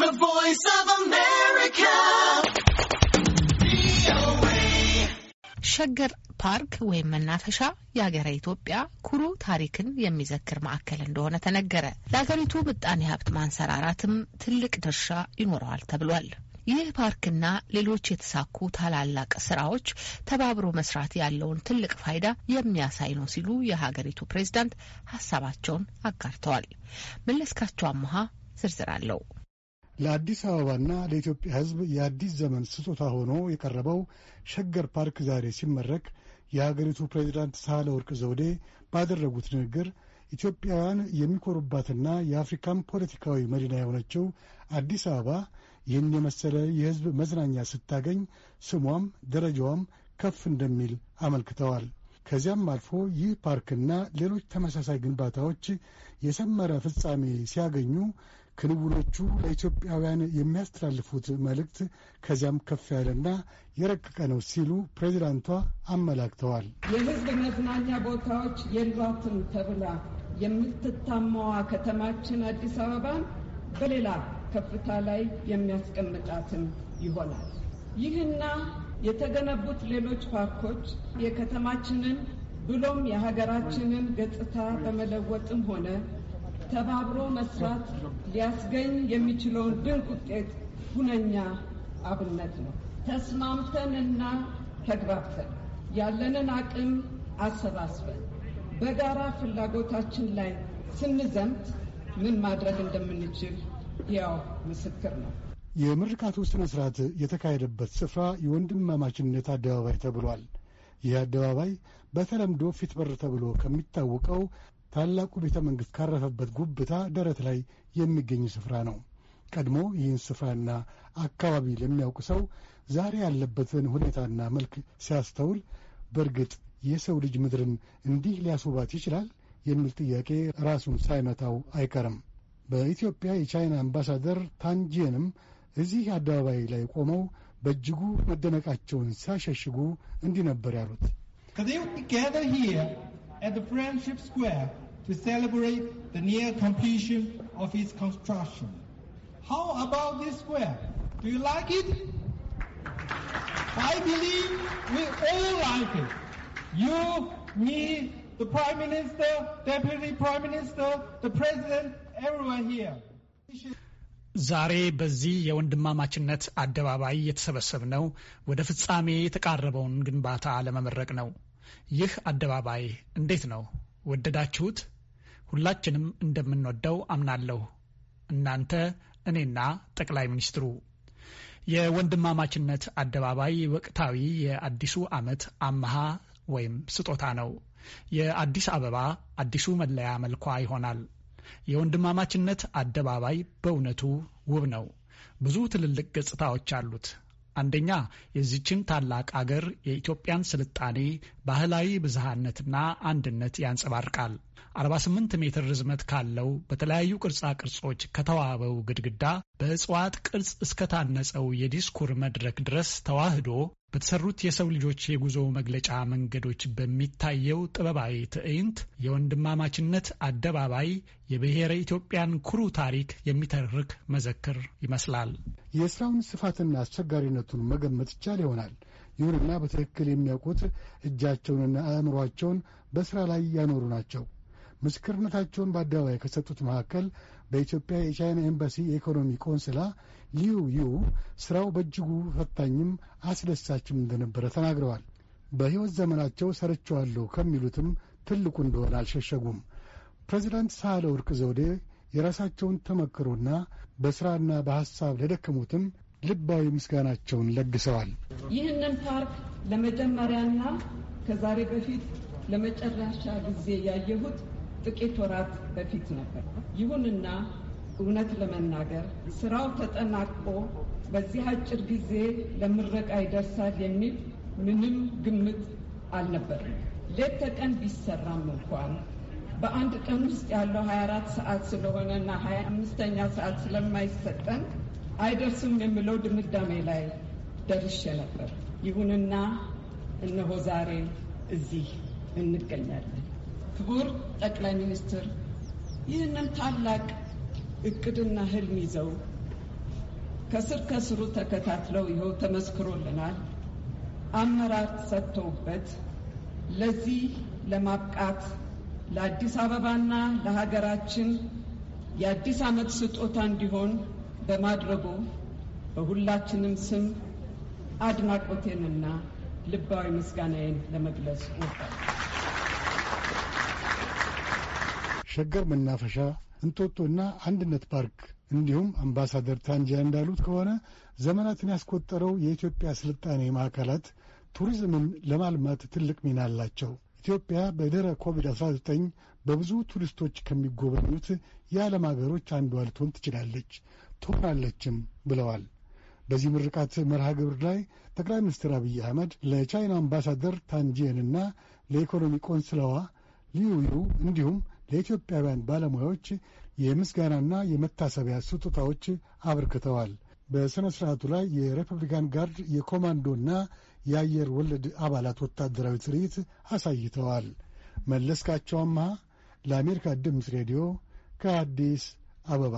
The Voice of America. ሸገር ፓርክ ወይም መናፈሻ የሀገረ ኢትዮጵያ ኩሩ ታሪክን የሚዘክር ማዕከል እንደሆነ ተነገረ። ለሀገሪቱ ምጣኔ ሀብት ማንሰራራትም ትልቅ ድርሻ ይኖረዋል ተብሏል። ይህ ፓርክና ሌሎች የተሳኩ ታላላቅ ስራዎች ተባብሮ መስራት ያለውን ትልቅ ፋይዳ የሚያሳይ ነው ሲሉ የሀገሪቱ ፕሬዝዳንት ሀሳባቸውን አጋርተዋል። መለስካቸው አመሃ ዝርዝር አለው። ለአዲስ አበባና ለኢትዮጵያ ሕዝብ የአዲስ ዘመን ስጦታ ሆኖ የቀረበው ሸገር ፓርክ ዛሬ ሲመረቅ የሀገሪቱ ፕሬዚዳንት ሳህለ ወርቅ ዘውዴ ባደረጉት ንግግር ኢትዮጵያውያን የሚኮሩባትና የአፍሪካም ፖለቲካዊ መዲና የሆነችው አዲስ አበባ ይህን የመሰለ የሕዝብ መዝናኛ ስታገኝ ስሟም ደረጃዋም ከፍ እንደሚል አመልክተዋል። ከዚያም አልፎ ይህ ፓርክና ሌሎች ተመሳሳይ ግንባታዎች የሰመረ ፍጻሜ ሲያገኙ ክንውኖቹ ለኢትዮጵያውያን የሚያስተላልፉት መልእክት ከዚያም ከፍ ያለና የረቀቀ ነው ሲሉ ፕሬዚዳንቷ አመላክተዋል። የህዝብ መዝናኛ ቦታዎች የሏትም ተብላ የምትታማዋ ከተማችን አዲስ አበባን በሌላ ከፍታ ላይ የሚያስቀምጣትም ይሆናል። ይህና የተገነቡት ሌሎች ፓርኮች የከተማችንን ብሎም የሀገራችንን ገጽታ በመለወጥም ሆነ ተባብሮ መስራት ሊያስገኝ የሚችለውን ድንቅ ውጤት ሁነኛ አብነት ነው። ተስማምተንና ተግባብተን ያለንን አቅም አሰባስበን በጋራ ፍላጎታችን ላይ ስንዘምት ምን ማድረግ እንደምንችል ያው ምስክር ነው። የምርቃቱ ስነ ስርዓት የተካሄደበት ስፍራ የወንድማማችነት አደባባይ ተብሏል። ይህ አደባባይ በተለምዶ ፊት በር ተብሎ ከሚታወቀው ታላቁ ቤተ መንግሥት ካረፈበት ጉብታ ደረት ላይ የሚገኝ ስፍራ ነው። ቀድሞ ይህን ስፍራና አካባቢ ለሚያውቅ ሰው ዛሬ ያለበትን ሁኔታና መልክ ሲያስተውል በእርግጥ የሰው ልጅ ምድርን እንዲህ ሊያስውባት ይችላል የሚል ጥያቄ ራሱን ሳይመታው አይቀርም። በኢትዮጵያ የቻይና አምባሳደር ታንጂየንም እዚህ አደባባይ ላይ ቆመው በእጅጉ መደነቃቸውን ሲያሸሽጉ እንዲህ ነበር ያሉት። at the Friendship Square to celebrate the near completion of its construction. How about this square? Do you like it? I believe we all like it. You, me, the Prime Minister, Deputy Prime Minister, the President, everyone here. ዛሬ በዚህ የወንድማማችነት አደባባይ የተሰበሰብነው ወደ ፍጻሜ የተቃረበውን ግንባታ ለመመረቅ ነው። ይህ አደባባይ እንዴት ነው? ወደዳችሁት? ሁላችንም እንደምንወደው አምናለሁ። እናንተ፣ እኔና ጠቅላይ ሚኒስትሩ። የወንድማማችነት አደባባይ ወቅታዊ የአዲሱ ዓመት አመሃ ወይም ስጦታ ነው። የአዲስ አበባ አዲሱ መለያ መልኳ ይሆናል። የወንድማማችነት አደባባይ በእውነቱ ውብ ነው። ብዙ ትልልቅ ገጽታዎች አሉት። አንደኛ የዚችን ታላቅ አገር የኢትዮጵያን ስልጣኔ፣ ባህላዊ ብዝሃነትና አንድነት ያንጸባርቃል። 48 ሜትር ርዝመት ካለው በተለያዩ ቅርጻ ቅርጾች ከተዋበው ግድግዳ በእጽዋት ቅርጽ እስከታነጸው የዲስኩር መድረክ ድረስ ተዋህዶ በተሰሩት የሰው ልጆች የጉዞ መግለጫ መንገዶች በሚታየው ጥበባዊ ትዕይንት የወንድማማችነት አደባባይ የብሔረ ኢትዮጵያን ኩሩ ታሪክ የሚተርክ መዘክር ይመስላል። የስራውን ስፋትና አስቸጋሪነቱን መገመት ይቻል ይሆናል። ይሁንና በትክክል የሚያውቁት እጃቸውንና አእምሯቸውን በስራ ላይ ያኖሩ ናቸው። ምስክርነታቸውን በአደባባይ ከሰጡት መካከል በኢትዮጵያ የቻይና ኤምባሲ የኢኮኖሚ ቆንስላ ሊዩ ዩ ስራው በእጅጉ ፈታኝም አስደሳችም እንደነበረ ተናግረዋል። በሕይወት ዘመናቸው ሰርቸዋለሁ ከሚሉትም ትልቁ እንደሆነ አልሸሸጉም። ፕሬዚዳንት ሳህለ ወርቅ ዘውዴ የራሳቸውን ተመክሮና በሥራና በሐሳብ ለደከሙትም ልባዊ ምስጋናቸውን ለግሰዋል። ይህንን ፓርክ ለመጀመሪያና ከዛሬ በፊት ለመጨረሻ ጊዜ ያየሁት ጥቂት ወራት በፊት ነበር። ይሁንና እውነት ለመናገር ስራው ተጠናቆ በዚህ አጭር ጊዜ ለምረቃ ይደርሳል የሚል ምንም ግምት አልነበርም። ሌት ተቀን ቢሰራም እንኳን በአንድ ቀን ውስጥ ያለው 24 ሰዓት ና 25ኛ ሰዓት ስለማይሰጠን አይደርስም የምለው ድምዳሜ ላይ ደርሼ ነበር። ይሁንና እነሆ ዛሬ እዚህ እንገኛለን። ክቡር ጠቅላይ ሚኒስትር ይህንን ታላቅ እቅድና ህልም ይዘው ከስር ከስሩ ተከታትለው ይኸው ተመስክሮልናል፣ አመራር ሰጥተውበት ለዚህ ለማብቃት ለአዲስ አበባና ለሀገራችን የአዲስ ዓመት ስጦታ እንዲሆን በማድረጉ በሁላችንም ስም አድናቆቴንና ልባዊ ምስጋናዬን ለመግለጽ ወዳል። ሸገር መናፈሻ፣ እንጦጦና አንድነት ፓርክ እንዲሁም አምባሳደር ታንጃ እንዳሉት ከሆነ ዘመናትን ያስቆጠረው የኢትዮጵያ ስልጣኔ ማዕከላት ቱሪዝምን ለማልማት ትልቅ ሚና አላቸው። ኢትዮጵያ በደረ ኮቪድ-19 በብዙ ቱሪስቶች ከሚጎበኙት የዓለም አገሮች አንዷ ልትሆን ትችላለች ትሆናለችም ብለዋል። በዚህ ምርቃት መርሃ ግብር ላይ ጠቅላይ ሚኒስትር አብይ አህመድ ለቻይና አምባሳደር ታንጂየንና ለኢኮኖሚ ቆንስላዋ ሊዩዩ እንዲሁም ለኢትዮጵያውያን ባለሙያዎች የምስጋናና የመታሰቢያ ስጦታዎች አበርክተዋል። በሥነ ሥርዓቱ ላይ የሪፐብሊካን ጋርድ የኮማንዶና የአየር ወለድ አባላት ወታደራዊ ትርኢት አሳይተዋል። መለስካቸው ለአሜሪካ ድምፅ ሬዲዮ ከአዲስ አበባ